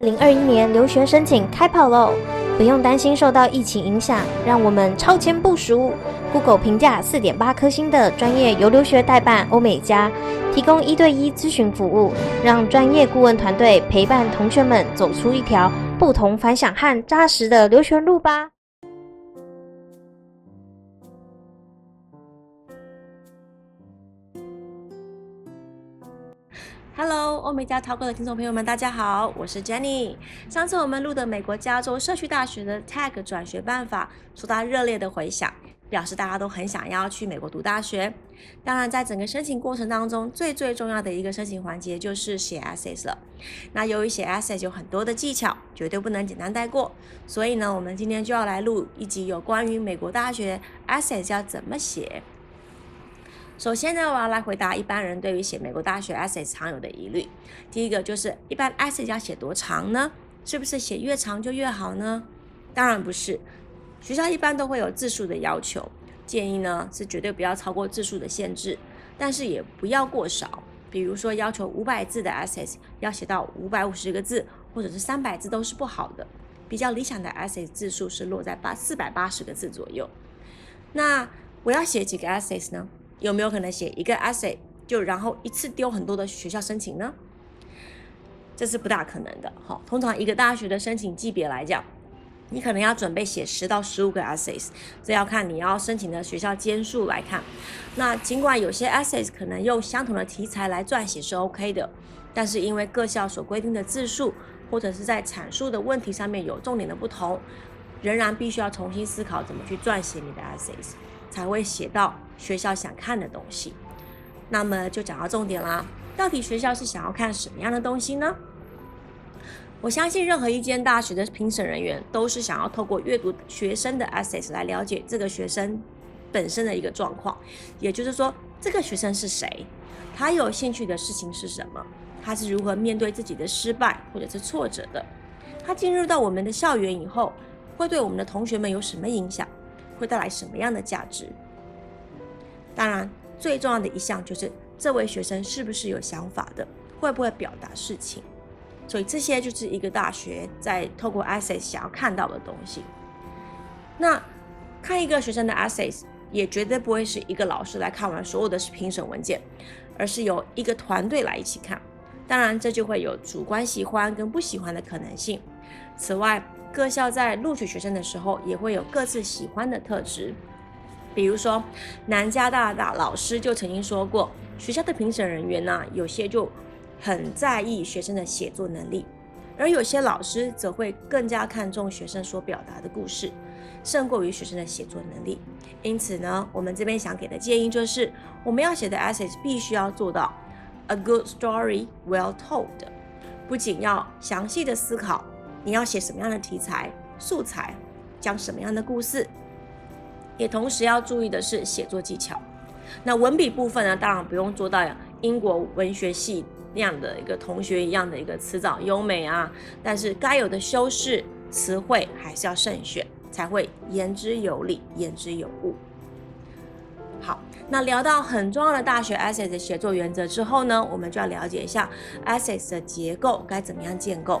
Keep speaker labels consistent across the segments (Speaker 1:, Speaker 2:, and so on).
Speaker 1: 二零二一年留學申請開跑嘍！不用擔心受到疫情影響，讓我們超前部署。Google 評價四點八顆星的專業遊留學代辦歐美加，提供一對一諮詢服務，讓專業顧問團隊陪伴同學們走出一條不同凡響和扎實的留學路吧。
Speaker 2: Hello，歐美加 Talker、er、的聽眾朋友們，大家好，我是 Jenny。上次我們錄的美國加州社區大學的 TAG 轉學辦法，受到熱烈的回響，表示大家都很想要去美國讀大學。當然，在整個申請過程當中，最最重要的一個申請環節就是寫 Essay 了。那由於寫 Essay 有很多的技巧，絕對不能簡單帶過。所以呢，我們今天就要來錄一集有關於美國大學 Essay 要怎麼寫。首先呢，我要來回答一般人對於寫美國大學 essay 常有的疑慮。第一個就是，一般 essay 要寫多長呢？是不是寫越長就越好呢？當然不是。學校一般都會有字數的要求，建議呢是絕對不要超過字數的限制，但是也不要過少。比如說要求五百字的 essay 要寫到五百五十個字，或者是三百字都是不好的。比較理想的 essay 字數是落在八四百八十個字左右。那我要寫幾個 essay 呢？有沒有可能寫一個 essay 就然後一次丟很多的學校申請呢？這是不大可能的。好、哦，通常一個大學的申請級別來講，你可能要準備寫十到十五個 essays，這要看你要申請的學校間數來看。那儘管有些 essays 可能用相同的題材來撰寫是 OK 的，但是因為各校所規定的字數或者是在闡述的問題上面有重點的不同，仍然必須要重新思考怎麼去撰寫你的 essays。才會寫到學校想看的東西。那麼就講到重點啦，到底學校是想要看什麼樣的東西呢？我相信任何一間大學的評審人員都是想要透過閱讀學生的 essay 來了解這個學生本身的一個狀況，也就是說，這個學生是誰？他有興趣的事情是什麼？他是如何面對自己的失敗或者是挫折的？他進入到我們的校園以後，會對我們的同學們有什麼影響？會帶來什麼樣的價值？當然，最重要的一項就是這位學生是不是有想法的，會不會表達事情。所以這些就是一個大學在透過 essay 想要看到的東西。那看一個學生的 essay 也絕對不會是一個老師來看完所有的評審文件，而是由一個團隊來一起看。當然，這就會有主觀喜歡跟不喜歡的可能性。此外，各校在錄取學生的時候，也會有各自喜歡的特質。比如說，南加大大老師就曾經說過，學校的評審人員呢、啊，有些就很在意學生的寫作能力，而有些老師則會更加看重學生所表達的故事，勝過於學生的寫作能力。因此呢，我們這邊想給的建議就是，我們要寫的 essay 必須要做到 a good story well told，不僅要詳細的思考。你要寫什麼樣的題材素材，講什麼樣的故事，也同時要注意的是寫作技巧。那文筆部分呢，當然不用做到英國文學系那樣的一個同學一樣的一個詞藻優美啊，但是該有的修飾詞彙還是要慎選，才會言之有理，言之有物。好，那聊到很重要的大學 essay 的寫作原則之後呢，我們就要了解一下 essay 的結構該怎麼樣建構。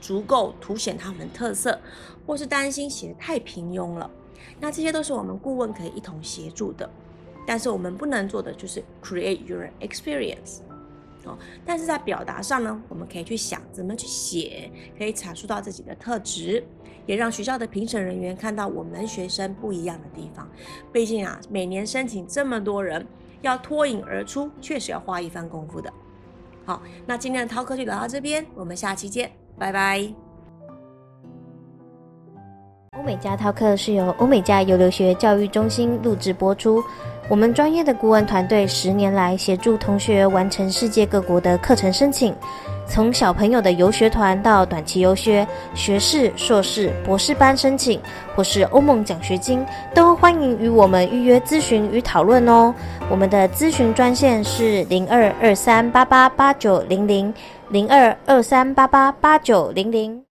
Speaker 2: 足夠凸顯他們的特色，或是擔心寫得太平庸了，那這些都是我們顧問可以一同協助的。但是我們不能做的就是 create your experience。哦，但是在表達上呢，我們可以去想怎麼去寫，可以闡述到自己的特質，也讓學校的評審人員看到我們學生不一樣的地方。畢竟啊，每年申請這麼多人，要脫穎而出，確實要花一番功夫的。好，那今天的 talk 就聊到這邊，我們下期見。
Speaker 1: 拜拜。歐美加套課是由歐美加遊留學教育中心錄製播出。我們專業的顧問團隊十年來協助同學完成世界各國的課程申請，從小朋友的遊學團到短期遊學、學士、碩士、博士班申請，或是歐盟獎學金，都歡迎與我們預約諮詢與討論哦。我們的諮詢專線是零二二三八八八九零零。零二二三八八八九零零。